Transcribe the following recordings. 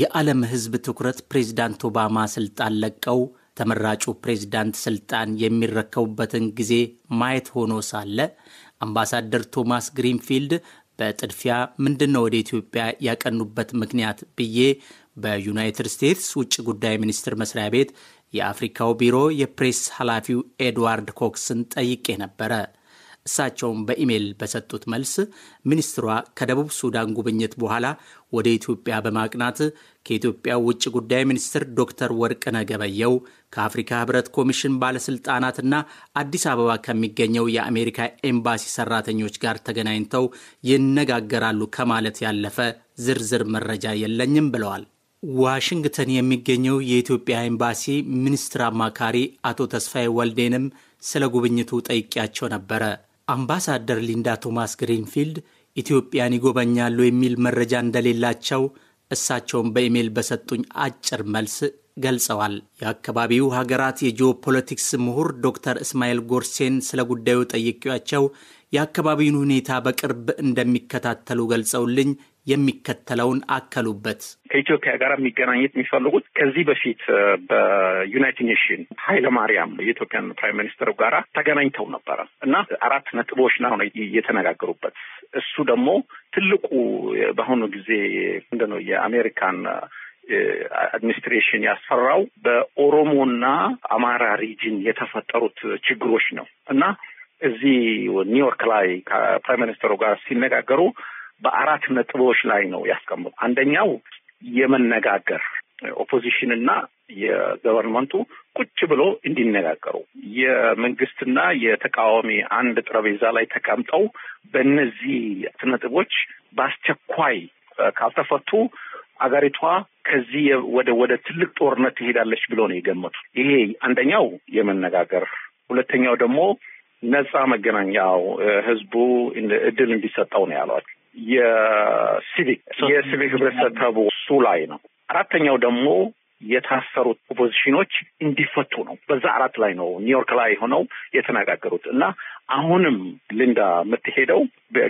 የዓለም ሕዝብ ትኩረት ፕሬዝዳንት ኦባማ ስልጣን ለቀው ተመራጩ ፕሬዝዳንት ስልጣን የሚረከቡበትን ጊዜ ማየት ሆኖ ሳለ አምባሳደር ቶማስ ግሪንፊልድ በጥድፊያ ምንድን ነው ወደ ኢትዮጵያ ያቀኑበት ምክንያት ብዬ በዩናይትድ ስቴትስ ውጭ ጉዳይ ሚኒስትር መስሪያ ቤት የአፍሪካው ቢሮ የፕሬስ ኃላፊው ኤድዋርድ ኮክስን ጠይቄ ነበረ። እሳቸውን በኢሜይል በሰጡት መልስ ሚኒስትሯ ከደቡብ ሱዳን ጉብኝት በኋላ ወደ ኢትዮጵያ በማቅናት ከኢትዮጵያ ውጭ ጉዳይ ሚኒስትር ዶክተር ወርቅነ ገበየው ከአፍሪካ ህብረት ኮሚሽን ባለስልጣናትና አዲስ አበባ ከሚገኘው የአሜሪካ ኤምባሲ ሰራተኞች ጋር ተገናኝተው ይነጋገራሉ ከማለት ያለፈ ዝርዝር መረጃ የለኝም ብለዋል። ዋሽንግተን የሚገኘው የኢትዮጵያ ኤምባሲ ሚኒስትር አማካሪ አቶ ተስፋዬ ወልዴንም ስለ ጉብኝቱ ጠይቄያቸው ነበረ። አምባሳደር ሊንዳ ቶማስ ግሪንፊልድ ኢትዮጵያን ይጎበኛሉ የሚል መረጃ እንደሌላቸው እሳቸውን በኢሜይል በሰጡኝ አጭር መልስ ገልጸዋል። የአካባቢው ሀገራት የጂኦፖለቲክስ ምሁር ዶክተር እስማኤል ጎርሴን ስለ ጉዳዩ ጠይቄያቸው የአካባቢውን ሁኔታ በቅርብ እንደሚከታተሉ ገልጸውልኝ የሚከተለውን አከሉበት። ከኢትዮጵያ ጋር የሚገናኘት የሚፈልጉት ከዚህ በፊት በዩናይትድ ኔሽን ኃይለ ማርያም የኢትዮጵያን ፕራይም ሚኒስትር ጋራ ተገናኝተው ነበረ እና አራት ነጥቦች ነው የተነጋገሩበት። እሱ ደግሞ ትልቁ በአሁኑ ጊዜ ምንድን ነው የአሜሪካን አድሚኒስትሬሽን ያስፈራው በኦሮሞና አማራ ሪጅን የተፈጠሩት ችግሮች ነው እና እዚህ ኒውዮርክ ላይ ከፕራይም ሚኒስትሩ ጋር ሲነጋገሩ በአራት ነጥቦች ላይ ነው ያስቀምጡ። አንደኛው የመነጋገር ኦፖዚሽንና የገቨርንመንቱ ቁጭ ብሎ እንዲነጋገሩ የመንግስትና የተቃዋሚ አንድ ጠረጴዛ ላይ ተቀምጠው በእነዚህ ነጥቦች በአስቸኳይ ካልተፈቱ አገሪቷ ከዚህ ወደ ወደ ትልቅ ጦርነት ትሄዳለች ብሎ ነው የገመቱ ይሄ አንደኛው የመነጋገር ሁለተኛው ደግሞ ነጻ መገናኛው ህዝቡ እድል እንዲሰጠው ነው ያሏቸው። የሲቪክ የሲቪክ ህብረተሰቡ እሱ ላይ ነው። አራተኛው ደግሞ የታሰሩት ኦፖዚሽኖች እንዲፈቱ ነው። በዛ አራት ላይ ነው ኒውዮርክ ላይ ሆነው የተነጋገሩት እና አሁንም ሊንዳ የምትሄደው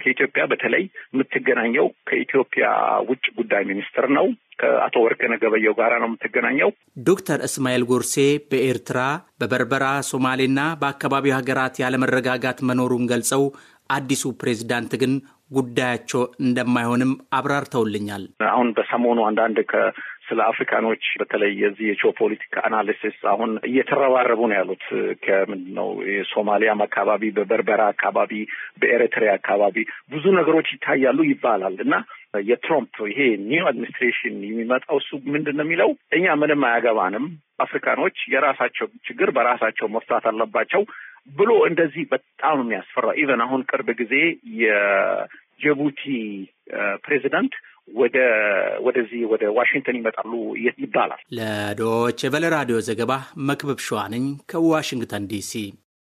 ከኢትዮጵያ በተለይ የምትገናኘው ከኢትዮጵያ ውጭ ጉዳይ ሚኒስትር ነው ከአቶ ወርቅነህ ገበየሁ ጋር ነው የምትገናኘው። ዶክተር እስማኤል ጎርሴ በኤርትራ በበርበራ ሶማሌና በአካባቢው ሀገራት ያለመረጋጋት መኖሩን ገልጸው አዲሱ ፕሬዝዳንት ግን ጉዳያቸው እንደማይሆንም አብራርተውልኛል። አሁን በሰሞኑ አንዳንድ ስለ አፍሪካኖች በተለይ የዚህ የጂኦፖለቲካ አናሊሲስ አሁን እየተረባረቡ ነው ያሉት። ከምንድን ነው የሶማሊያም አካባቢ፣ በበርበራ አካባቢ፣ በኤሪትሪያ አካባቢ ብዙ ነገሮች ይታያሉ ይባላል እና የትሮምፕ ይሄ ኒው አድሚኒስትሬሽን የሚመጣው እሱ ምንድን ነው የሚለው እኛ ምንም አያገባንም፣ አፍሪካኖች የራሳቸው ችግር በራሳቸው መፍታት አለባቸው ብሎ እንደዚህ በጣም ነው የሚያስፈራው። ኢቨን አሁን ቅርብ ጊዜ የጅቡቲ ፕሬዚዳንት ወደ ወደዚህ ወደ ዋሽንግተን ይመጣሉ ይባላል። ለዶይቼ ቬለ ራዲዮ ዘገባ መክበብ ሸዋነኝ ከዋሽንግተን ዲሲ